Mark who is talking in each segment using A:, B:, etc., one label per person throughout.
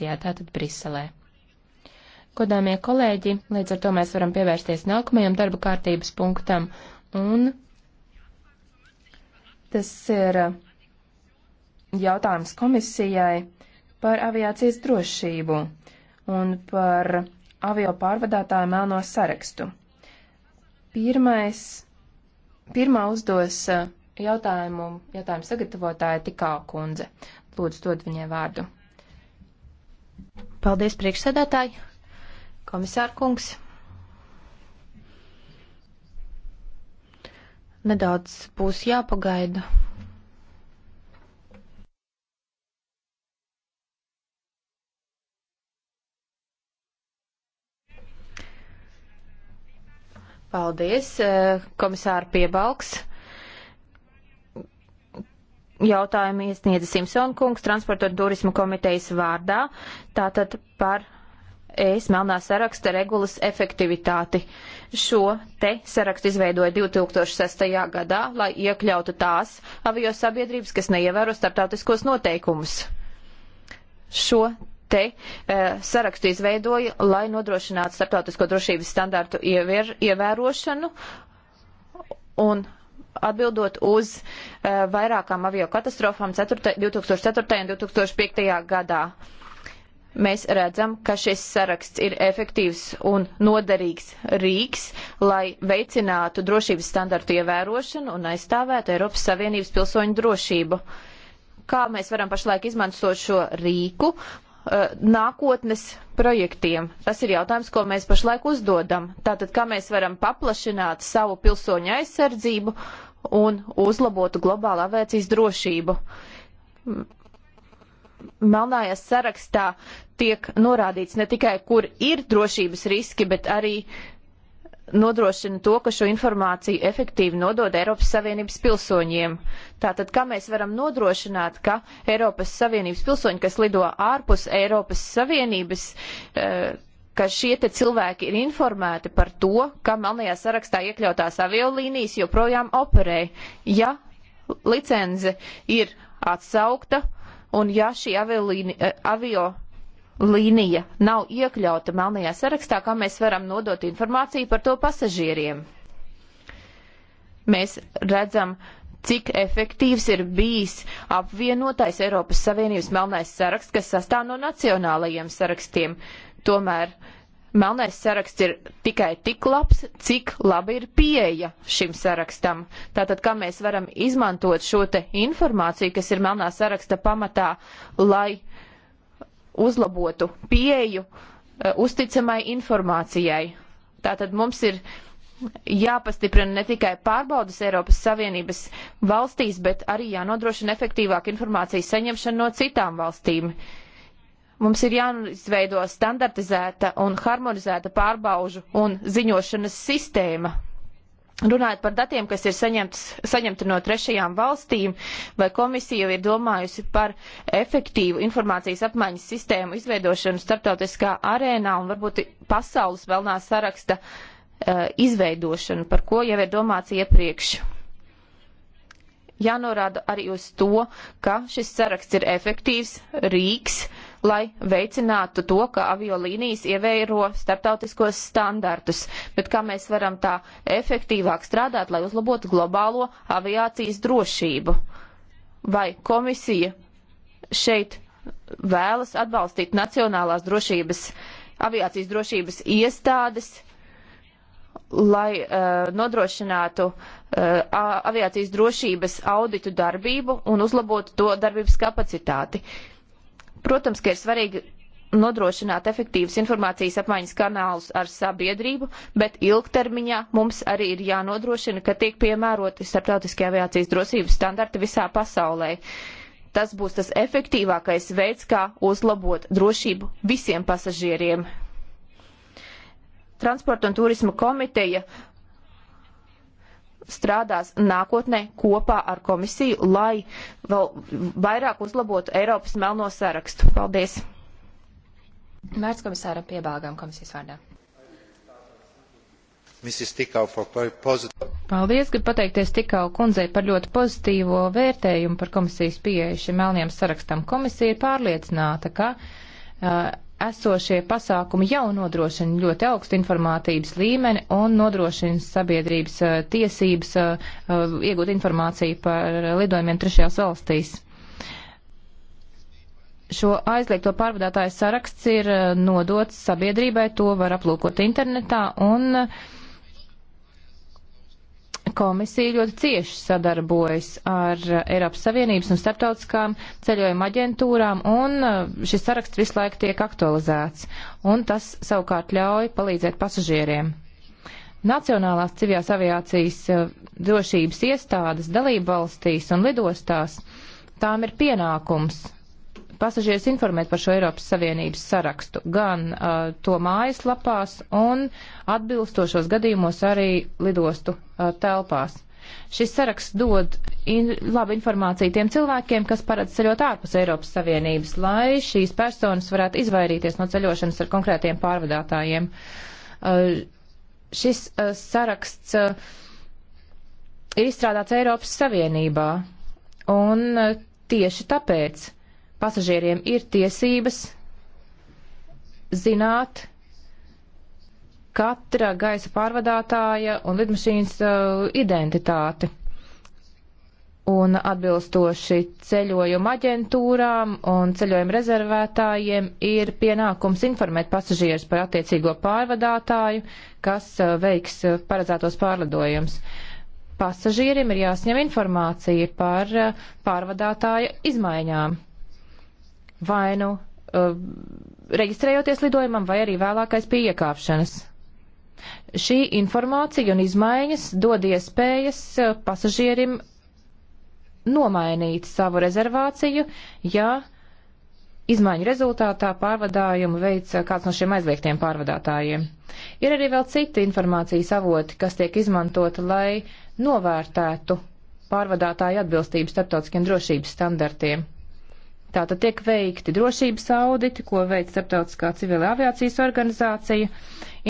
A: Vācijā, tātad Briselē. Godāmie kolēģi, līdz ar to mēs varam pievērsties nākamajam darba kārtības punktam, un tas ir uh, jautājums komisijai par aviācijas drošību un par avio pārvadātāju melno sarakstu. Pirmais, pirmā uzdos uh, jautājumu, jautājumu sagatavotāja Tikā kundze. Lūdzu, dod viņai vārdu.
B: Paldies, priekšsēdētāji, komisārkungs. Nedaudz būs jāpagaida. Paldies, eh, komisāra Piebalgs jautājumu iesniedza Simpson kungs transporta un turismu komitejas vārdā, tātad par ES melnā saraksta regulas efektivitāti. Šo te sarakstu izveidoja 2006. gadā, lai iekļautu tās avio sabiedrības, kas neievēro starptautiskos noteikumus. Šo te e, sarakstu izveidoja, lai nodrošinātu starptautisko drošības standārtu ievēr, ievērošanu un atbildot uz uh, vairākām avio katastrofām 4, 2004. un 2005. gadā. Mēs redzam, ka šis saraksts ir efektīvs un noderīgs rīks, lai veicinātu drošības standartu ievērošanu un aizstāvētu Eiropas Savienības pilsoņu drošību. Kā mēs varam pašlaik izmantot šo rīku, Eh, nākotnes projektiem. Tas ir jautājums, ko mēs pašlaik uzdodam. Tātad, kā mēs varam paplašināt savu pilsoņu aizsardzību un uzlabotu globālā vēcīs drošību. Melnājā sarakstā tiek norādīts ne tikai, kur ir drošības riski, bet arī uh, nodrošina to, ka šo informāciju efektīvi nodod Eiropas Savienības pilsoņiem. Tātad, kā mēs varam nodrošināt, ka Eiropas Savienības pilsoņi, kas lido ārpus Eiropas Savienības, eh, ka šie te cilvēki ir informēti par to, ka melnajā sarakstā iekļautās aviolīnijas joprojām operē, ja licence ir atsaukta un ja šī aviolīni, eh, avio līnija nav iekļauta melnajā sarakstā, kā mēs varam nodot informāciju par to pasažieriem. Mēs redzam, cik efektīvs ir bijis apvienotais Eiropas Savienības melnais saraksts, kas sastāv no nacionālajiem sarakstiem. Tomēr melnais saraksts ir tikai tik labs, cik labi ir pieeja šim sarakstam. Tātad, kā mēs varam izmantot šo te informāciju, kas ir melnā saraksta pamatā, lai uh, uzlabotu pieju eh, uzticamai informācijai. Tātad mums ir jāpastiprina ne tikai pārbaudas Eiropas Savienības valstīs, bet arī jānodrošina efektīvāka informācijas saņemšana no citām valstīm. Mums ir jāizveido standartizēta un harmonizēta pārbaužu un ziņošanas sistēma Runājot par datiem, kas ir saņemts, saņemti no trešajām valstīm, vai komisija jau ir domājusi par efektīvu informācijas apmaiņas sistēmu izveidošanu starptautiskā arēnā un varbūt pasaules vēlnā saraksta uh, izveidošanu, par ko jau ir domāts iepriekš? Jānorāda arī uz to, ka šis saraksts ir efektīvs rīks, uh, lai veicinātu to, ka aviolīnijas ievēro starptautiskos standartus. Bet kā mēs varam tā efektīvāk strādāt, lai uzlabotu globālo aviācijas drošību? Vai komisija šeit vēlas atbalstīt nacionālās drošības, aviācijas drošības iestādes, lai uh, nodrošinātu uh, aviācijas drošības auditu darbību un uzlabotu to darbības kapacitāti. Uh, Protams, ka ir svarīgi nodrošināt efektīvas informācijas apmaiņas kanālus ar sabiedrību, bet ilgtermiņā mums arī ir jānodrošina, ka tiek piemēroti starptautiskie aviācijas drosības standarti visā pasaulē. Tas būs tas efektīvākais veids, kā uzlabot drošību visiem pasažieriem. Transporta un turisma komiteja uh, strādās nākotnē kopā ar komisiju, lai vēl vairāk uzlabotu Eiropas melno sarakstu. Paldies! Vērts
C: komisāram piebāgām komisijas vārdā. Paldies, gribu pateikties Tikau kundzei par ļoti pozitīvo vērtējumu par komisijas pieeju šim melniem sarakstam. Komisija ir pārliecināta, ka uh, esošie pasākumi jau nodrošina ļoti augstu informātības līmeni un nodrošina sabiedrības eh, tiesības eh, eh, iegūt informāciju par lidojumiem trešajās valstīs. Šo aizliegto pārvadātāju saraksts ir nodots sabiedrībai, to var aplūkot internetā un uh, Komisija ļoti cieši sadarbojas ar eh, Eiropas Savienības un starptautiskām ceļojuma aģentūrām, un eh, šis saraksts visu laiku tiek aktualizēts, un tas savukārt ļauj palīdzēt pasažieriem. Nacionālās civilās aviācijas eh, drošības iestādes dalību valstīs un lidostās tām ir pienākums pasažierus informēt par šo Eiropas Savienības sarakstu gan uh, to mājaslapās un atbilstošos gadījumos arī lidostu uh, telpās. Šis saraksts dod in, labu informāciju tiem cilvēkiem, kas paredz ceļot ārpus Eiropas Savienības, lai šīs personas varētu izvairīties no ceļošanas ar konkrētiem pārvadātājiem. Uh, šis uh, saraksts uh, ir izstrādāts Eiropas Savienībā, un uh, tieši tāpēc pasažieriem ir tiesības zināt katra gaisa pārvadātāja un lidmašīnas uh, identitāti. Un atbilstoši ceļojuma aģentūrām un ceļojuma rezervētājiem ir pienākums informēt pasažierus par attiecīgo pārvadātāju, kas uh, veiks uh, paredzētos pārlidojumus. Pasažierim ir jāsņem informācija par uh, pārvadātāja izmaiņām vai nu uh, reģistrējoties lidojumam, vai arī vēlākais pie iekāpšanas. Šī informācija un izmaiņas dod iespējas uh, pasažierim nomainīt savu rezervāciju, ja izmaiņu rezultātā pārvadājumu veids uh, kāds no šiem aizliegtiem pārvadātājiem. Ir arī vēl citi informācijas avoti, kas tiek izmantota, lai novērtētu pārvadātāju atbilstību starptautiskiem drošības standartiem. Tātad tiek veikti drošības auditi, ko veic Starptautiskā civila aviācijas organizācija,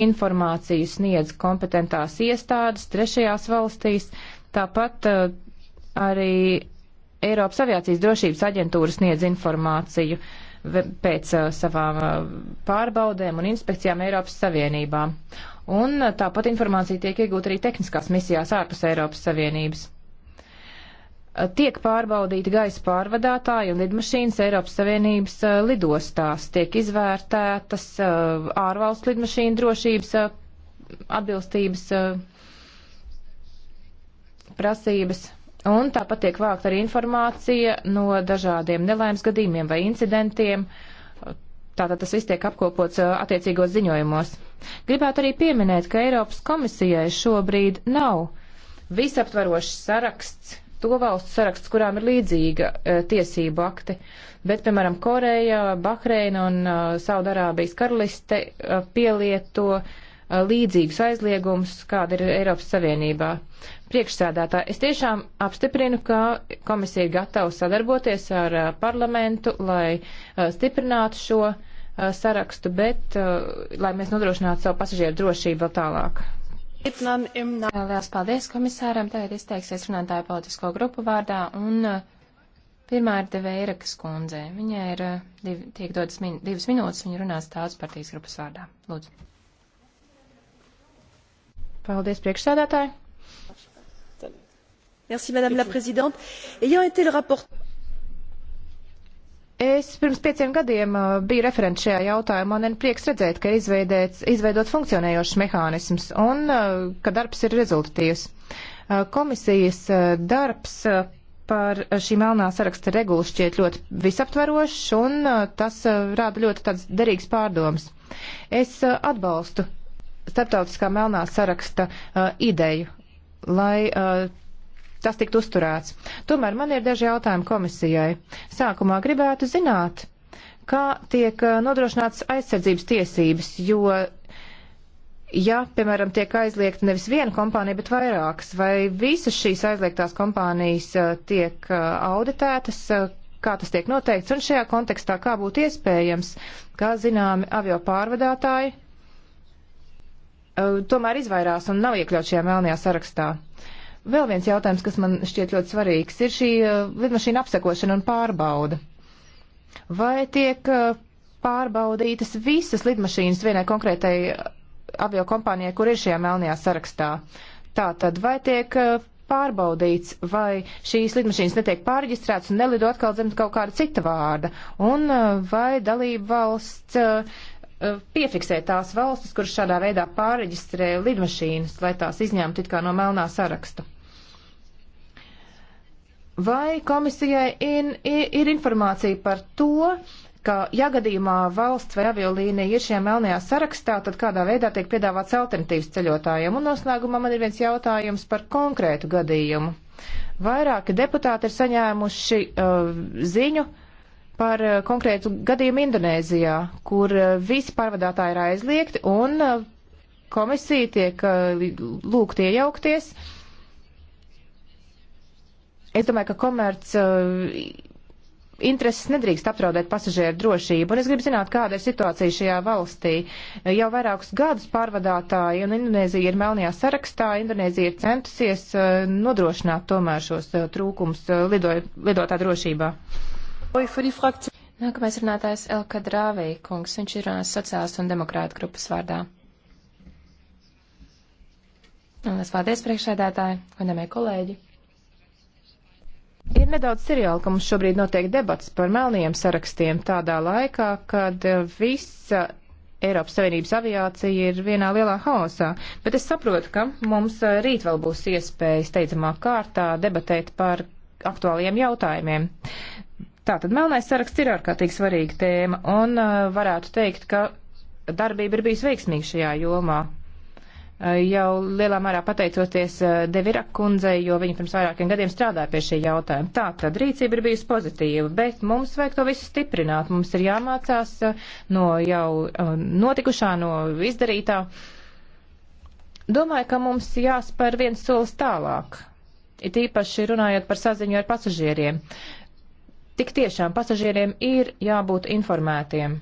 C: informāciju sniedz kompetentās iestādes trešajās valstīs, tāpat uh, arī Eiropas aviācijas drošības aģentūra sniedz informāciju pēc uh, savām uh, pārbaudēm un inspekcijām Eiropas Savienībā. Un tāpat informācija tiek iegūta arī tehniskās misijās ārpus Eiropas Savienības. Eh, tiek pārbaudīti gaisa pārvadātāji un lidmašīnas Eiropas Savienības uh, lidostās, tiek izvērtētas uh, ārvalstu lidmašīnu drošības uh, atbilstības prasības. Un tāpat tiek vākt arī informācija no dažādiem nelaimes gadījumiem vai incidentiem. Tātad tas viss tiek apkopots attiecīgos ziņojumos. Gribētu arī pieminēt, ka Eiropas komisijai šobrīd nav visaptvarošs saraksts to valstu saraksts, kurām ir līdzīga e, tiesību akti, bet, piemēram, Koreja, Bahreina un e, Saudarābijas karaliste e, pielieto e, līdzīgus aizliegumus, kāda ir Eiropas Savienībā. Priekšsēdētā, es tiešām apstiprinu, ka komisija ir gatava sadarboties ar e, parlamentu, lai e, stiprinātu šo e, sarakstu, bet, e, lai mēs nodrošinātu savu pasažieru drošību vēl tālāk.
A: Lielas paldies komisāram. Tagad izteiksies runātāja politisko grupu vārdā. Un uh, pirmā ir Deveirakas kundze. Viņai ir uh, div, tiek dotas min, divas minūtes. Viņa runās tautas partijas grupas vārdā. Lūdzu.
C: Paldies, priekšsēdētāji. Merci, Madame la Présidente. Ayant été le rapporteur. Es pirms pieciem gadiem uh, biju referents šajā jautājumā, un ir prieks redzēt, ka izveidēts, izveidot funkcionējošs mehānisms un uh, ka darbs ir rezultatīvs. Uh, komisijas darbs par šī melnā saraksta regulu šķiet ļoti visaptverošs, un tas rāda ļoti tāds derīgs pārdoms. Es atbalstu starptautiskā melnā saraksta ideju, lai tas tiktu uzturēts. Tomēr man ir daži jautājumi komisijai. Sākumā gribētu zināt, kā tiek eh, nodrošināts aizsardzības tiesības, jo, ja, piemēram, tiek aizliegta nevis viena kompānija, bet vairākas, vai visas šīs aizliegtās kompānijas eh, tiek eh, auditētas, kā tas tiek noteikts, un šajā kontekstā kā būtu iespējams, kā zināmi avio pārvadātāji tomēr izvairās un nav iekļaut šajā melnajā sarakstā. Vēl viens jautājums, kas man šķiet ļoti svarīgs, ir šī uh, lidmašīna apsekošana un pārbauda. Vai tiek uh, pārbaudītas visas lidmašīnas vienai konkrētai uh, avio kompānijai, kur ir šajā melnajā sarakstā? Tā tad, vai tiek pārbaudīts, vai šīs lidmašīnas netiek pārģistrētas un nelido atkal zem kaut kāda cita vārda, un vai dalība valsts uh, Uh, piefiksēt tās valstis, kuras šādā veidā pāreģistrē lidmašīnas, lai tās izņemtu it kā no melnā saraksta. Vai komisijai in, ir, ir informācija par to, ka, ja gadījumā valsts vai aviolīnija ir šajā melnajā sarakstā, tad kādā veidā tiek piedāvāts alternatīvas ceļotājiem? Un noslēgumā man ir viens jautājums par konkrētu gadījumu. Vairāki deputāti ir saņēmuši uh, ziņu uh, par eh, konkrētu gadījumu Indonēzijā, kur eh, visi pārvadātāji ir aizliegti un eh, komisija tiek lūgti iejaukties. Es domāju, ka komerc intereses nedrīkst apdraudēt pasažieru drošību. Un es gribu zināt, kāda ir situācija šajā valstī. Jau vairākus gadus pārvadātāji un Indonēzija ir melnajā sarakstā. Indonēzija ir centusies nodrošināt tomēr šos trūkums lido, lidotā drošībā.
A: Nākamais runātājs Elka Drāvī, kungs, viņš ir sociālistu un demokrātu grupas vārdā. Un es paldies priekšsēdētāji, godamie kolēģi.
C: Ir nedaudz seriāli, ka mums šobrīd notiek debats par melniem sarakstiem tādā laikā, kad visa Eiropas Savienības aviācija ir vienā lielā haosā, bet es saprotu, ka mums rīt vēl būs iespēja steidzamā kārtā debatēt par aktuāliem jautājumiem. Tātad melnais saraksts ir ārkārtīgi svarīga tēma, un uh, varētu teikt, ka darbība ir bijusi veiksmīga šajā jomā. Uh, jau lielā mērā pateicoties uh, Devira kundzei, jo viņa pirms vairākiem gadiem strādāja pie šī jautājuma. Tā tad rīcība ir bijusi pozitīva, bet mums vajag to visu stiprināt. Mums ir jāmācās uh, no jau uh, notikušā, no izdarītā. Domāju, ka mums jāspēr viens solis tālāk. It īpaši runājot par saziņu ar pasažieriem. Uh, Tik tiešām pasažieriem ir jābūt informētiem.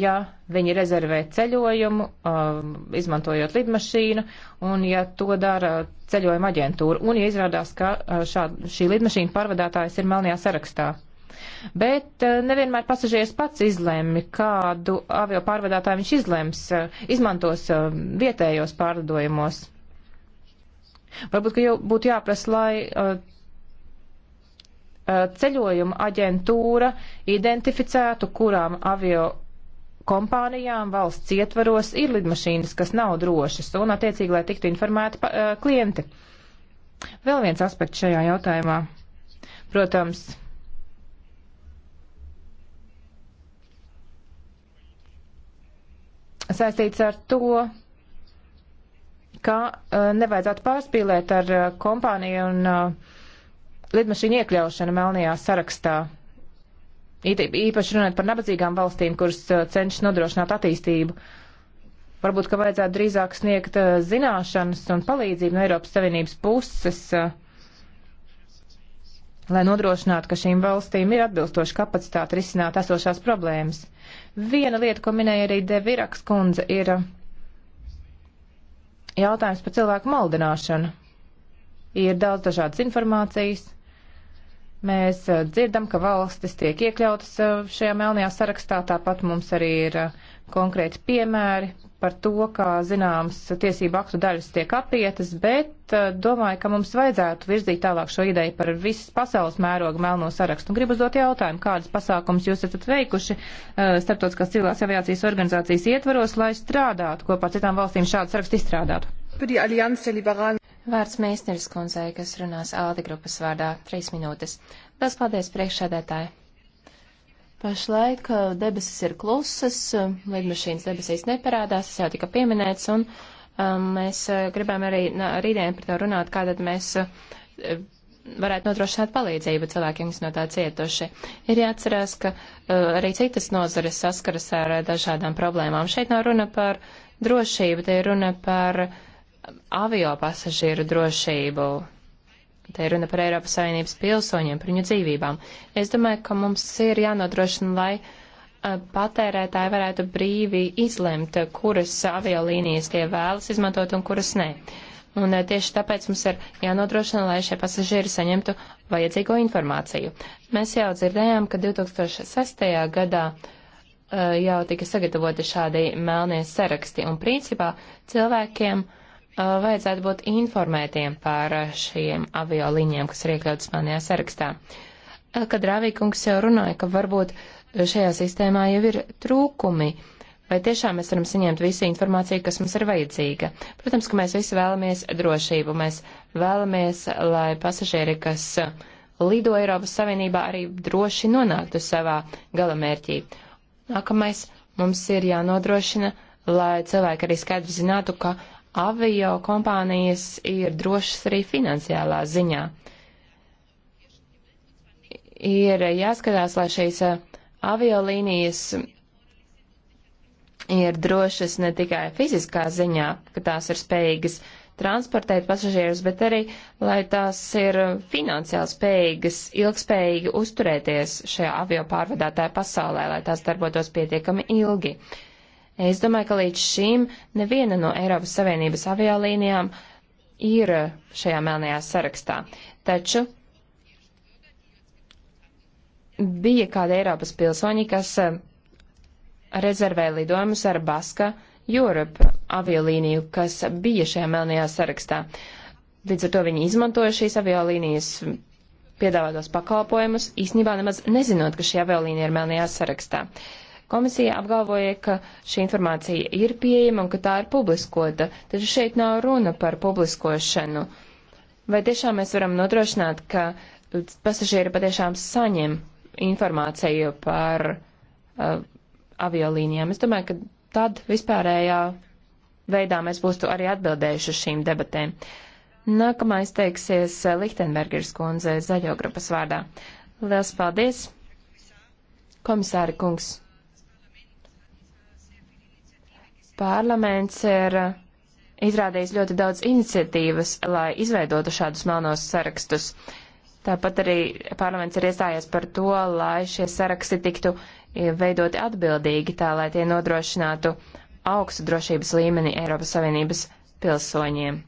C: Ja viņi rezervē ceļojumu, um, izmantojot lidmašīnu, un ja to dara ceļojuma aģentūra, un ja izrādās, ka uh, šā, šī lidmašīna pārvadātājs ir melnajā sarakstā. Bet uh, nevienmēr pasažieris pats izlēma, kādu avio pārvadātāju viņš izlems, uh, izmantos vietējos pārlidojumos. Varbūt, ka jau būtu jāprasa, lai Eh, ceļojuma aģentūra identificētu, kurām avio kompānijām valsts ietvaros ir lidmašīnas, kas nav drošas, un attiecīgi, lai tiktu informēti pa, uh, klienti. Vēl viens aspekts šajā jautājumā. Protams, saistīts ar to, ka uh, nevajadzētu pārspīlēt ar uh, kompāniju un uh, lidmašīnu iekļaušana melnajā sarakstā. Īpaši runājot par nabadzīgām valstīm, kuras uh, cenšas nodrošināt attīstību. Varbūt, ka vajadzētu drīzāk sniegt uh, zināšanas un palīdzību no Eiropas Savienības puses, uh, lai nodrošinātu, ka šīm valstīm ir atbilstoša kapacitāte risināt esošās problēmas. Viena lieta, ko minēja arī Deviraks kundze, ir jautājums par cilvēku maldināšanu. Ir daudz dažādas informācijas Mēs eh, dzirdam, ka valstis tiek iekļautas eh, šajā melnajā sarakstā, tāpat mums arī ir eh, konkrēti piemēri par to, kā zināms tiesību aktu daļas tiek apietas, bet domāju, ka mums vajadzētu virzīt tālāk šo ideju par visas pasaules mēroga melno sarakstu. Un gribu uzdot jautājumu, kādas pasākums jūs esat veikuši starptautiskās civilās aviācijas organizācijas ietvaros, lai strādātu kopā ar citām valstīm šādu sarakstu izstrādātu?
A: Vārds mēsneris kundzei, kas runās Aldi grupas vārdā, trīs minūtes. Vēl paldies priekšsēdētāji. Pašlaik uh, debesis ir klusas, uh, lidmašīnas debesīs neparādās, tas jau tika pieminēts, un um, mēs uh, gribam arī nā, rītdien par to runāt, kā tad mēs uh, varētu nodrošināt palīdzību cilvēkiem, kas no tā cietuši. Ir jāatcerās, ka uh, arī citas nozares saskaras ar uh, dažādām problēmām. Šeit nav runa par drošību, te ir runa par uh, avio pasažieru drošību. Te ir runa par Eiropas Savienības pilsoņiem, par viņu dzīvībām. Es domāju, ka mums ir jānodrošina, lai eh, patērētāji varētu brīvi izlemt, kuras aviolīnijas tie vēlas izmantot un kuras nē. Un eh, tieši tāpēc mums ir jānodrošina, lai šie pasažieri saņemtu vajadzīgo informāciju. Mēs jau dzirdējām, ka 2006. gadā eh, jau tika sagatavoti šādi melnie saraksti, un principā cilvēkiem uh, vajadzētu būt informētiem par šiem avioliņiem, kas ir iekļautas manajā sarakstā. Kad Rāvīkungs jau runāja, ka varbūt šajā sistēmā jau ir trūkumi, vai tiešām mēs varam saņemt visu informāciju, kas mums ir vajadzīga. Protams, ka mēs visi vēlamies drošību, mēs vēlamies, lai pasažieri, kas lido Eiropas Savienībā, arī droši nonāktu savā galamērķī. Nākamais mums ir jānodrošina, lai cilvēki arī skaidri zinātu, ka avio kompānijas ir drošas arī finansiālā ziņā. Ir jāskatās, lai šīs uh, aviolīnijas ir drošas ne tikai fiziskā ziņā, ka tās ir spējīgas transportēt pasažierus, bet arī, lai tās ir finansiāli spējīgas, ilgspējīgi uzturēties šajā avio pārvadātāja pasaulē, lai tās darbotos pietiekami ilgi. Uh, Es domāju, ka līdz šim neviena no Eiropas Savienības aviolīnijām ir šajā melnajā sarakstā. Taču bija kādi Eiropas pilsoņi, kas eh, rezervēja lidojumus ar Baska Europe aviolīniju, kas bija šajā melnajā sarakstā. Līdz ar to viņi izmantoja šīs aviolīnijas piedāvātos pakalpojumus, īsnībā nemaz nezinot, ka šī aviolīnija ir melnajā sarakstā. Uh, Komisija apgalvoja, ka šī informācija ir pieejama un ka tā ir publiskota, taču šeit nav runa par publiskošanu. Vai tiešām mēs varam nodrošināt, ka pasažieri patiešām saņem informāciju par uh, aviolīnijām? Es domāju, ka tad vispārējā veidā mēs būtu arī atbildējuši uz šīm debatēm. Nākamais teiksies Lichtenbergers kundze zaļo grupas vārdā. Liels paldies, komisāri kungs! Parlaments ir uh, izrādījis ļoti daudz iniciatīvas, lai izveidotu šādus melnos sarakstus. Tāpat arī parlaments ir iestājies par to, lai šie saraksti tiktu veidoti atbildīgi, tā lai tie nodrošinātu augstu drošības līmeni Eiropas Savienības pilsoņiem.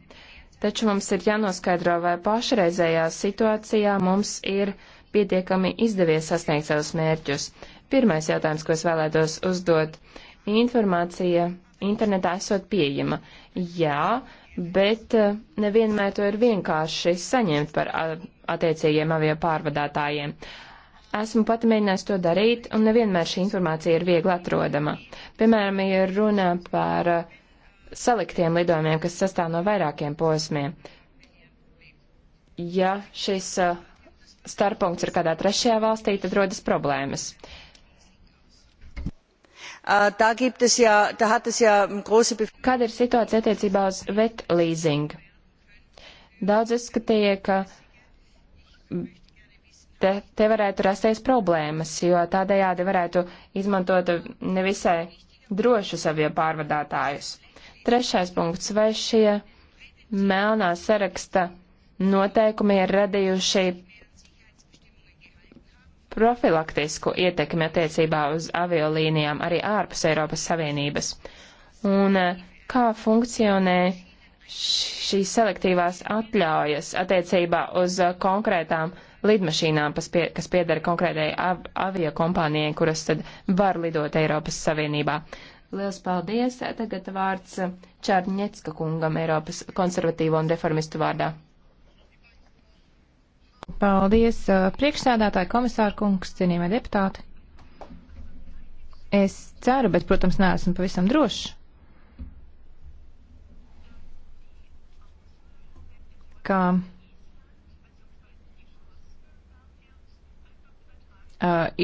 A: Taču mums ir jānoskaidro, vai pašreizējā situācijā mums ir pietiekami izdevies sasniegt savus mērķus. Pirmais jautājums, ko es vēlētos uzdot - informācija internetā esot pieejama. Jā, bet eh, nevienmēr to ir vienkārši saņemt par attiecīgiem avio pārvadātājiem. Esmu pat mēģinājis to darīt, un nevienmēr šī informācija ir viegli atrodama. Piemēram, ja runā par saliktiem lidojumiem, kas sastāv no vairākiem posmiem. Ja šis starppunkts ir kādā trešajā valstī, tad rodas problēmas. Uh, Da, gibt es ja, da hat es ja große Kāda ir situācija attiecībā uz vet leasing? Daudz izskatīja, ka te, te varētu rasties problēmas, jo tādējādi varētu izmantot nevisai drošu savie pārvadātājus. Trešais punkts. Vai šie melnā saraksta noteikumi ir radījuši profilaktisku ietekmi attiecībā uz aviolīnijām arī ārpus Eiropas Savienības. Un eh, kā funkcionē šīs selektīvās atļaujas attiecībā uz eh, konkrētām lidmašīnām, pie, kas piedara konkrētai av aviokompānijai, kuras tad var lidot Eiropas Savienībā. Liels paldies! Tagad vārds Čārņecka kungam Eiropas konservatīvo un reformistu vārdā.
C: Paldies, uh, priekšsēdētāji, komisāra kungs, cienījamie deputāti. Es ceru, bet, protams, neesmu pavisam drošs, ka uh,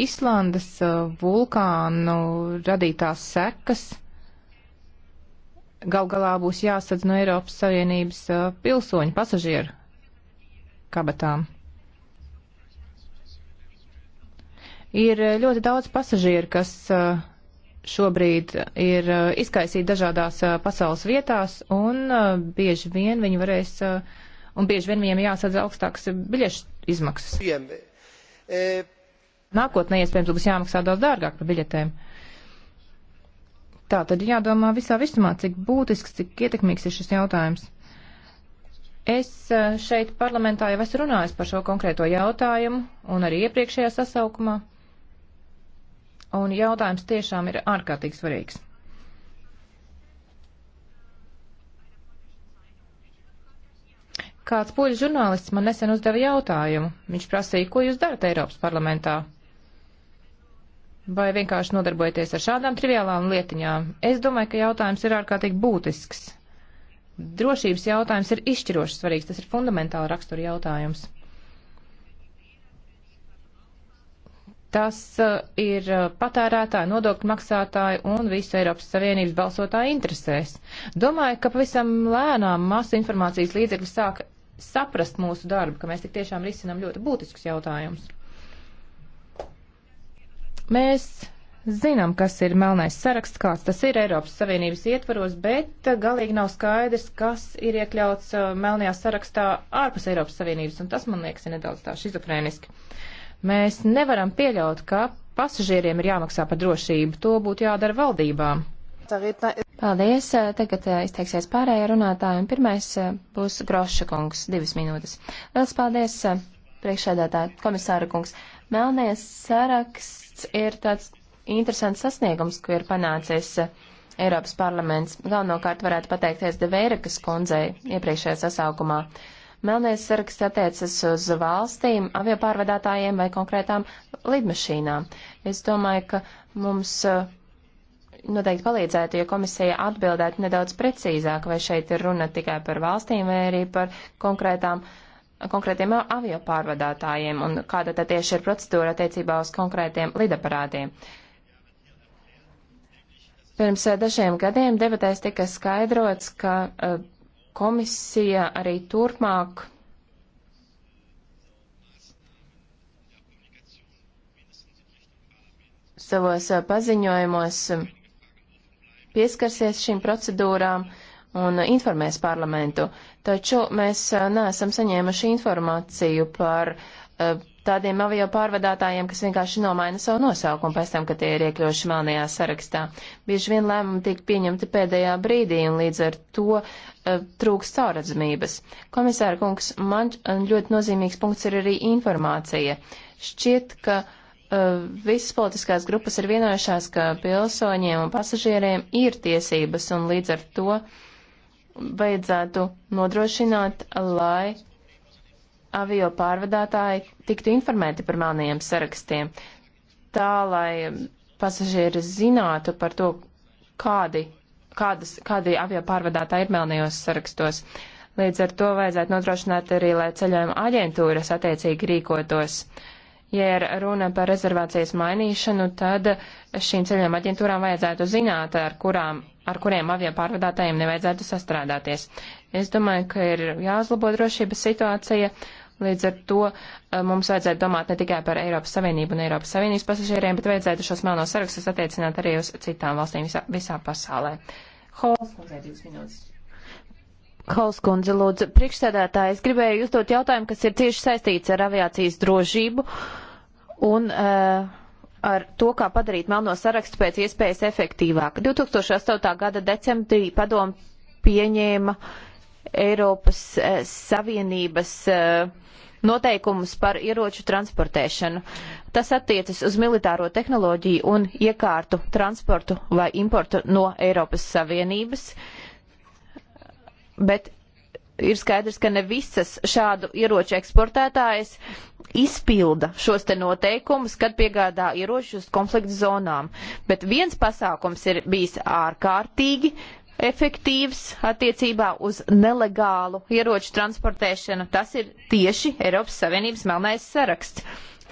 C: Islandes uh, vulkānu radītās sekas gal galā būs jāsadz no Eiropas Savienības uh, pilsoņu pasažieru kabatām. Ir eh, ļoti daudz pasažieru, kas eh, šobrīd ir eh, izkaisīti dažādās pasaules vietās, un bieži vien viņi varēs, un bieži vien viņiem jāsadz augstākas biļešu izmaksas. Nākotnē iespējams būs jāmaksā daudz dārgāk par biļetēm. Tā tad jādomā visā visumā, cik būtisks, cik ietekmīgs ir šis jautājums. Es šeit parlamentā jau esmu runājis par šo konkrēto jautājumu un arī iepriekšējā sasaukumā un jautājums tiešām ir ārkārtīgi svarīgs. Kāds poļu žurnālists man nesen uzdeva jautājumu. Viņš prasīja, ko jūs darat Eiropas parlamentā? Vai vienkārši nodarbojaties ar šādām triviālām lietiņām? Es domāju, ka jautājums ir ārkārtīgi būtisks. Drošības jautājums ir izšķiroši svarīgs, tas ir fundamentāli rakstura jautājums. Tas uh, ir uh, patērētāju, nodokļu maksātāju un visu Eiropas Savienības balsotāju interesēs. Domāju, ka pavisam lēnām masu informācijas līdzekļi sāk saprast mūsu darbu, ka mēs tik tiešām risinam ļoti būtiskus jautājumus. Mēs zinām, kas ir melnais saraksts, kāds tas ir Eiropas Savienības ietvaros, bet uh, galīgi nav skaidrs, kas ir iekļauts melnajā sarakstā ārpus Eiropas Savienības, un tas, man liekas, ir nedaudz tā šizofrēniski. Mēs nevaram pieļaut, ka pasažieriem ir jāmaksā par drošību. To būtu jādara valdībām.
A: Paldies. Tagad eh, izteiksies pārējie runātāji. Pirmais eh, būs Groša kungs, divas minūtes. Lielas paldies, eh, priekšēdētāji, komisāra kungs. Melnēs saraksts ir tāds interesants sasniegums, ko ir panācis Eiropas parlaments. Galvenokārt varētu pateikties Deveirakas kundzei iepriekšējā sasaukumā. Uh, Melnais saraksts attiecas uz valstīm, aviopārvadātājiem vai konkrētām lidmašīnām. Es domāju, ka mums eh, noteikti palīdzētu, ja komisija atbildētu nedaudz precīzāk, vai šeit ir runa tikai par valstīm vai arī par konkrētām konkrētiem aviopārvadātājiem un kāda tad tieši ir procedūra attiecībā uz konkrētiem lidaparātiem. Pirms eh, dažiem gadiem debatēs tika skaidrots, ka uh, komisija arī turpmāk savos eh, paziņojumos pieskarsies šīm procedūrām un informēs parlamentu. Taču mēs eh, neesam saņēmuši informāciju par eh, tādiem avio pārvadātājiem, kas vienkārši nomaina savu nosaukumu pēc tam, kad tie ir iekļauši melnajā sarakstā. Bieži vien lēmumi tiek pieņemti pēdējā brīdī un līdz ar to uh, eh, trūks caurredzamības. Komisāra kungs, man eh, ļoti nozīmīgs punkts ir arī informācija. Šķiet, ka uh, visas politiskās grupas ir vienojušās, ka pilsoņiem un pasažieriem ir tiesības un līdz ar to vajadzētu nodrošināt, lai avio pārvadātāji tiktu informēti par melnajiem sarakstiem, tā lai pasažieri zinātu par to, kādi, kādas, kādi avio pārvadātāji ir melnajos sarakstos. Līdz ar to vajadzētu nodrošināt arī, lai ceļojuma aģentūras attiecīgi rīkotos. Ja ir runa par rezervācijas mainīšanu, tad šīm ceļojuma aģentūrām vajadzētu zināt, ar kurām ar kuriem avio pārvadātājiem nevajadzētu sastrādāties. Es domāju, ka ir jāuzlabo drošības situācija. Uh, Līdz ar to eh, mums vajadzētu domāt ne tikai par Eiropas Savienību un Eiropas Savienības pasažieriem, bet vajadzētu šos melnos sarakstus attiecināt arī uz citām
B: valstīm visā, visā pasaulē. Hols, divas minūtes. Holskundze, lūdzu, priekšsēdētāji, es gribēju uzdot jautājumu, kas ir tieši saistīts ar aviācijas drošību un uh, ar to, kā padarīt melno sarakstu pēc iespējas efektīvāk. 2008. gada decembrī padomu pieņēma Eiropas uh, Savienības uh, noteikumus par ieroču transportēšanu. Tas attiecas uz militāro tehnoloģiju un iekārtu transportu vai importu no Eiropas Savienības, bet ir skaidrs, ka ne visas šādu ieroču eksportētājas izpilda šos te noteikumus, kad piegādā ieročus konflikta zonām. Bet viens pasākums ir bijis ārkārtīgi efektīvs attiecībā uz nelegālu ieroču transportēšanu. Tas ir tieši Eiropas Savienības melnais saraksts.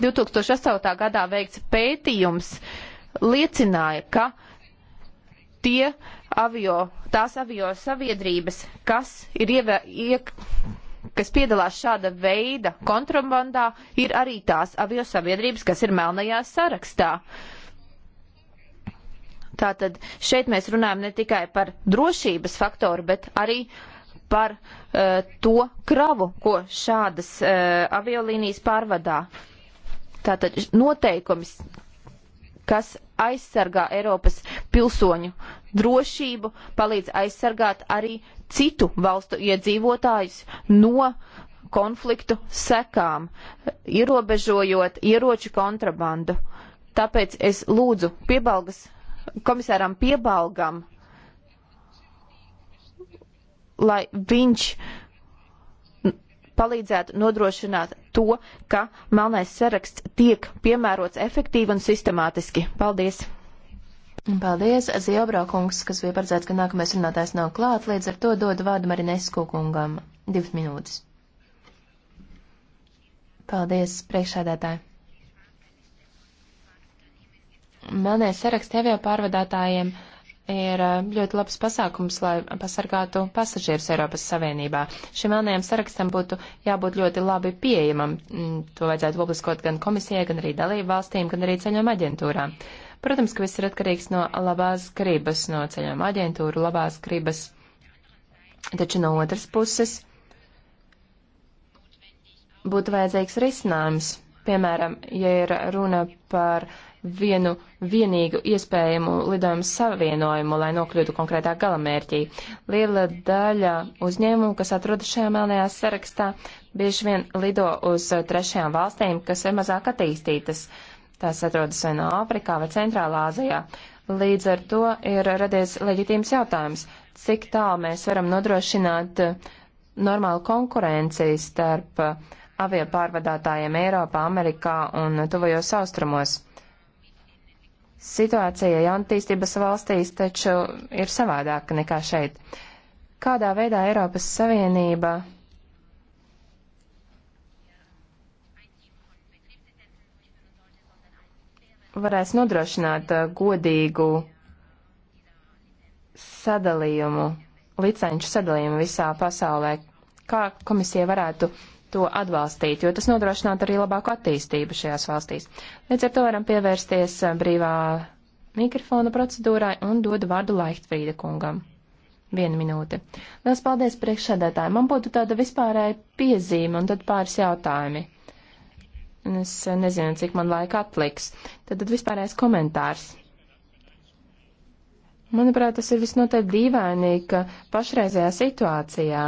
B: 2008. gadā veikts pētījums liecināja, ka tie avio, tās avio saviedrības, kas ir ievē, iek, kas piedalās šāda veida kontrabandā, ir arī tās avio saviedrības, kas ir melnajā sarakstā. Uh, Tātad šeit mēs runājam ne tikai par drošības faktoru, bet arī par uh, to kravu, ko šādas uh, aviolīnijas pārvadā. Tātad noteikums, kas aizsargā Eiropas pilsoņu drošību, palīdz aizsargāt arī citu valstu iedzīvotājus no konfliktu sekām, ierobežojot ieroču kontrabandu. Tāpēc es lūdzu piebalgas komisāram Piebalgam, lai viņš palīdzētu nodrošināt to, ka melnais saraksts tiek piemērots efektīvi un sistemātiski. Paldies! Paldies,
A: Ziobraukungs, kas bija paredzēts, ka nākamais runātājs nav klāt, līdz ar to dodu vārdu Marinesku kungam. Divas minūtes. Paldies, priekšādētāji! Melnē sarakstā avio pārvadātājiem ir eh, ļoti labs pasākums, lai pasargātu pasažierus Eiropas Savienībā. Šim melnajam sarakstam būtu jābūt ļoti labi pieejamam. Mm, to vajadzētu publiskot gan komisijai, gan arī dalību valstīm, gan arī ceļojuma aģentūrām. Protams, ka viss ir atkarīgs no labās gribas, no ceļojuma aģentūru labās gribas. Taču no otras puses būtu vajadzīgs risinājums. Piemēram, ja ir runa par vienu vienīgu iespējamu lidojumu savienojumu, lai nokļūtu konkrētā galamērķī. Liela daļa uzņēmumu, kas atrodas šajā melnajā sarakstā, bieži vien lido uz trešajām valstīm, kas ir mazāk attīstītas. Tās atrodas vai no Āfrikā vai Centrālā Āzijā. Līdz ar to ir radies leģitīms jautājums, cik tālu mēs varam nodrošināt normālu konkurenci starp avio pārvadātājiem Eiropā, Amerikā un tuvajos austrumos. Situācija jaunatīstības valstīs taču ir savādāka nekā šeit. Kādā veidā Eiropas Savienība varēs nodrošināt uh, godīgu sadalījumu, licenču sadalījumu visā pasaulē? Kā komisija varētu to atbalstīt, jo tas nodrošinātu arī labāku attīstību šajās valstīs. Līdz ar to varam pievērsties eh, brīvā mikrofona procedūrai un dodu vārdu Laichtfrīda kungam. Viena minūte. Lielas paldies priekšsēdētāji. Man būtu tāda vispārēja piezīme un tad pāris jautājumi. Es nezinu, cik man laika atliks. Tad, tad vispārējais komentārs. Manuprāt, tas ir visnotaļ dīvaini, ka pašreizējā situācijā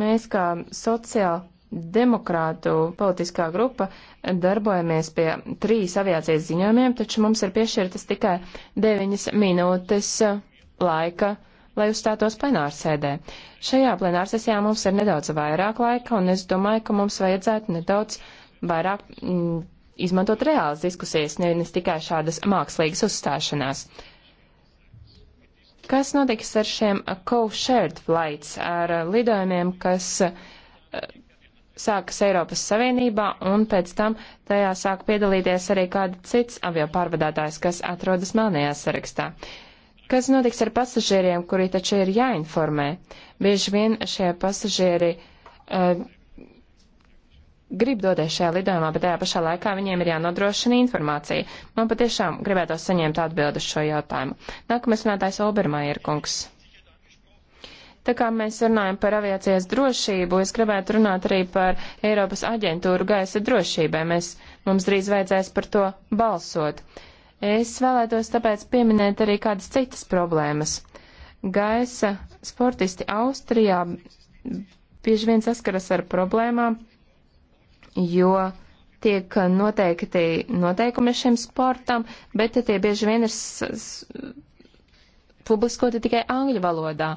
A: Mēs kā sociāla demokrātu politiskā grupa darbojamies pie trīs aviācijas ziņojumiem, taču mums ir piešķirtas tikai deviņas minūtes laika, lai uzstātos plenārsēdē. Šajā plenārsesijā mums ir nedaudz vairāk laika, un es domāju, ka mums vajadzētu nedaudz vairāk mm, izmantot reālas diskusijas, nevis tikai šādas mākslīgas uzstāšanās. Uh, Kas notiks ar šiem co-shared flights, ar lidojumiem, kas eh, sākas Eiropas Savienībā, un pēc tam tajā sāk piedalīties arī kāda cits avio pārvadātājs, kas atrodas melnajā sarakstā? Kas notiks ar pasažieriem, kuri taču ir jāinformē? Bieži vien šie pasažieri uh, grib doties šajā lidojumā, bet tajā pašā laikā viņiem ir jānodrošina informācija. Man patiešām gribētos saņemt atbildi uz šo jautājumu. Nākamais runātājs Obermajer kungs. Tā kā mēs runājam par aviācijas drošību, es gribētu runāt arī par Eiropas aģentūru gaisa drošībai. Mēs, mums drīz vajadzēs par to balsot. Es vēlētos tāpēc pieminēt arī kādas citas problēmas. Gaisa sportisti Austrijā bieži vien saskaras ar problēmām jo tiek noteikti noteikumi šim sportam, bet tie bieži vien ir publiskoti tikai angļu valodā.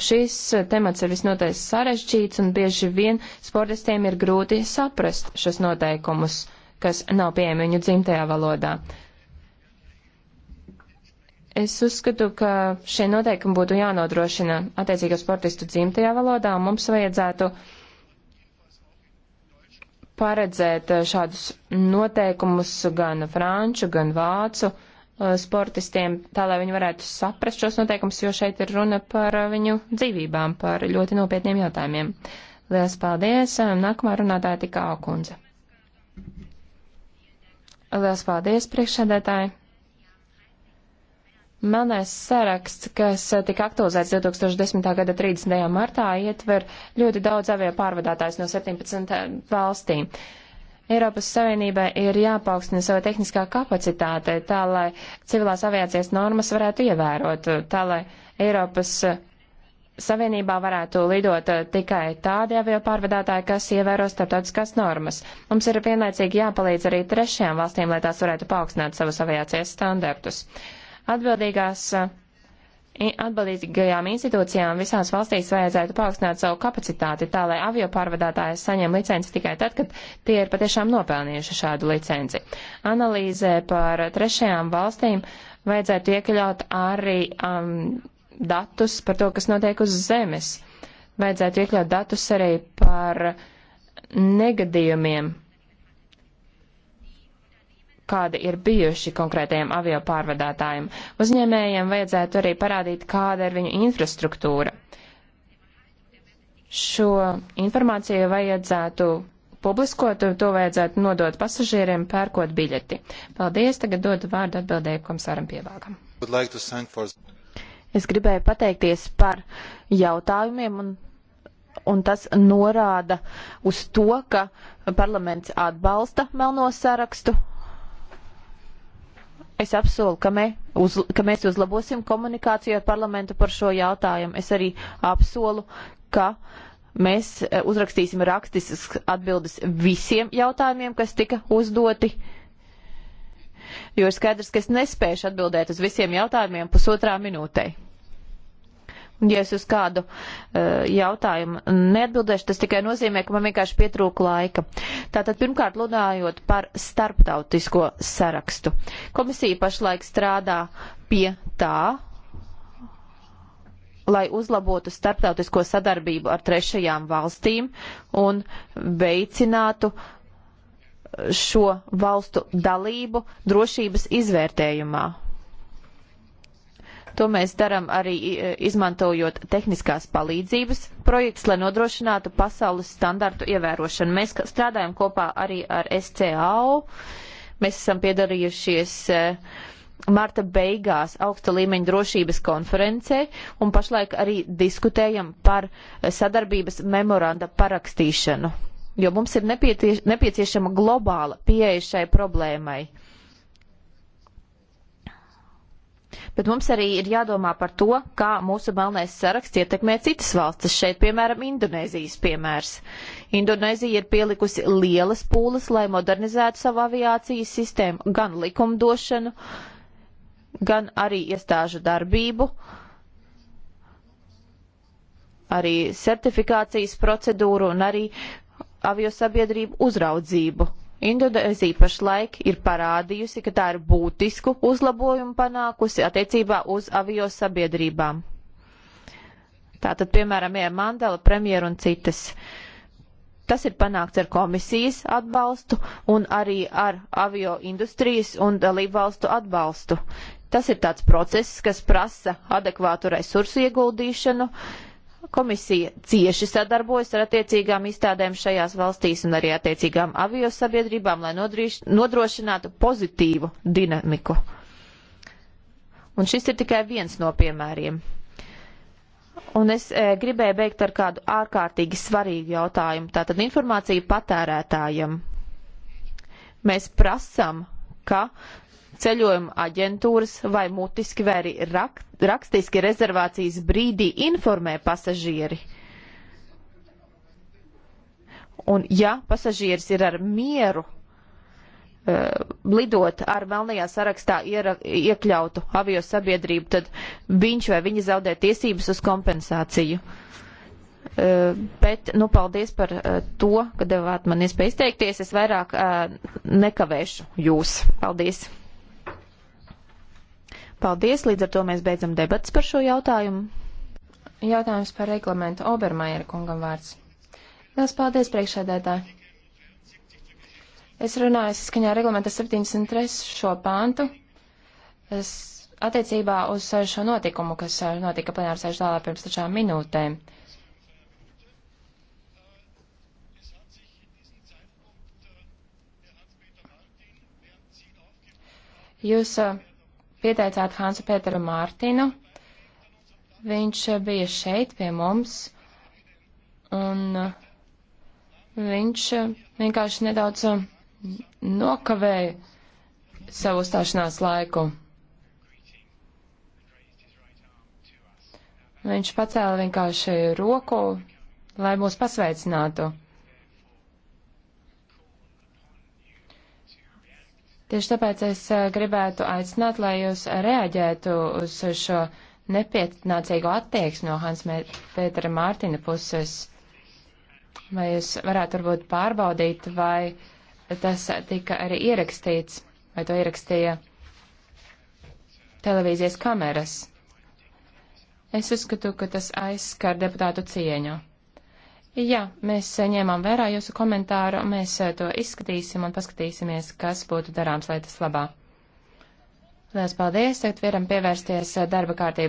A: Šis temats ir visnotaļ sarežģīts un bieži vien sportistiem ir grūti saprast šos noteikumus, kas nav pieejami viņu dzimtajā valodā. Es uzskatu, ka šie noteikumi būtu jānodrošina attiecīgo sportistu dzimtajā valodā, un mums vajadzētu uh, paredzēt eh, šādus noteikumus gan franču, gan vācu eh, sportistiem, tā lai viņi varētu saprast šos noteikumus, jo šeit ir runa par eh, viņu dzīvībām, par ļoti nopietniem jautājumiem. Lielas paldies! Nākamā runātāja tika Aukundze. Lielas paldies, priekšsēdētāji! Manais saraksts, kas tika aktualizēts 2010. gada 30. martā, ietver ļoti daudz avio pārvadātājs no 17 eh, valstīm. Eiropas Savienībai ir jāpaukstina sava tehniskā kapacitāte, tā lai civilās aviācijas normas varētu ievērot, tā lai Eiropas Savienībā varētu lidot eh, tikai tādi avio pārvadātāji, kas ievēro starptautiskās normas. Mums ir vienlaicīgi jāpalīdz arī trešajām valstīm, lai tās varētu paaugstināt savus aviācijas standartus. Uh, Atbildīgās atbildīgajām institūcijām visās valstīs vajadzētu paaugstināt savu kapacitāti tā, lai avio pārvadātājs saņem licenci tikai tad, kad tie ir patiešām nopelnījuši šādu licenci. Analīzē par trešajām valstīm vajadzētu iekļaut arī um, datus par to, kas notiek uz zemes. Vajadzētu iekļaut datus arī par negadījumiem kādi ir bijuši konkrētajiem avio pārvadātājiem. Uzņēmējiem vajadzētu arī parādīt, kāda ir viņu infrastruktūra. Šo informāciju vajadzētu publiskot, to vajadzētu nodot pasažieriem, pērkot biļeti. Paldies, tagad dodu vārdu atbildēju komisāram Pievāgam.
B: Es gribēju pateikties par jautājumiem un un tas norāda uz to, ka parlaments atbalsta melno sarakstu Es apsolu, ka, me uz, ka mēs uzlabosim komunikāciju ar parlamentu par šo jautājumu. Es arī apsolu, ka mēs e, uzrakstīsim rakstiskas atbildes visiem jautājumiem, kas tika uzdoti. Jo ir skaidrs, ka es nespēšu atbildēt uz visiem jautājumiem pusotrā minūtei. Ja es uz kādu uh, jautājumu neatbildēšu, tas tikai nozīmē, ka man vienkārši pietrūka laika. Tātad pirmkārt lunājot par starptautisko sarakstu. Komisija pašlaik strādā pie tā, lai uzlabotu starptautisko sadarbību ar trešajām valstīm un veicinātu šo valstu dalību drošības izvērtējumā. To mēs darām arī e, izmantojot tehniskās palīdzības projekts, lai nodrošinātu pasaules standartu ievērošanu. Mēs strādājam kopā arī ar SCAO. Mēs esam piedarījušies uh, marta beigās augsta līmeņa drošības konferencē un pašlaik arī diskutējam par e, sadarbības memoranda parakstīšanu, jo mums ir nepieciešama globāla pieeja šai problēmai. Bet mums arī ir jādomā par to, kā mūsu melnais saraksts ietekmē citas valstis. Šeit, piemēram, Indonēzijas piemērs. Indonēzija ir pielikusi lielas pūles, lai modernizētu savu aviācijas sistēmu, gan likumdošanu, gan arī iestāžu darbību, arī certifikācijas procedūru un arī aviosabiedrību uzraudzību. Indonēzija pašlaik ir parādījusi, ka tā ir būtisku uzlabojumu panākusi attiecībā uz avio sabiedrībām. Tātad, piemēram, ja Mandela premjeru un citas. Tas ir panākts ar komisijas atbalstu un arī ar avio industrijas un dalību valstu atbalstu. Tas ir tāds process, kas prasa adekvātu resursu ieguldīšanu, uh, Komisija cieši sadarbojas ar attiecīgām izstādēm šajās valstīs un arī attiecīgām aviosabiedrībām, lai nodrīš, nodrošinātu pozitīvu dinamiku. Un šis ir tikai viens no piemēriem. Un es e, gribēju beigt ar kādu ārkārtīgi svarīgu jautājumu. Tātad informācija patērētājam. Mēs prasam, ka ceļojuma aģentūras vai mutiski vai arī rak, rakstiski rezervācijas brīdī informē pasažieri. Un ja pasažieris ir ar mieru uh, lidot ar melnajā sarakstā iera, iekļautu avio sabiedrību, tad viņš vai viņa zaudē tiesības uz kompensāciju. Uh, bet, nu, paldies par uh, to, ka devāt man iespēju izteikties. Es vairāk uh, nekavēšu jūs. Paldies! Paldies, līdz ar to mēs beidzam debats par šo jautājumu. Jautājums par reglamentu Obermaiera kungam vārds. Lielas paldies, priekšsēdētāji. Es
A: runāju saskaņā reglamenta 73. pāntu es attiecībā uz šo notikumu, kas notika plenāra sēžu zālē pirms tačām minūtēm. Jūs uh, pieteicāt Hansu Pēteru Mārtinu. Viņš bija šeit pie mums, un viņš vienkārši nedaudz nokavēja savu stāšanās laiku. Viņš pacēla vienkārši roku, lai mūs pasveicinātu. Tieši tāpēc es eh, gribētu aicināt, lai jūs reaģētu uz šo nepietnācīgo attieksmi no Hans Pētera Mārtina puses. Vai jūs varētu varbūt pārbaudīt, vai tas tika arī ierakstīts, vai to ierakstīja televīzijas kameras? Es uzskatu, ka tas aizskar deputātu cieņu. Jā, mēs eh, ņēmām vērā jūsu komentāru, mēs eh, to izskatīsim un paskatīsimies, kas būtu darāms lietas labā. Lielas paldies, tagad varam pievērsties eh, darba kārtības.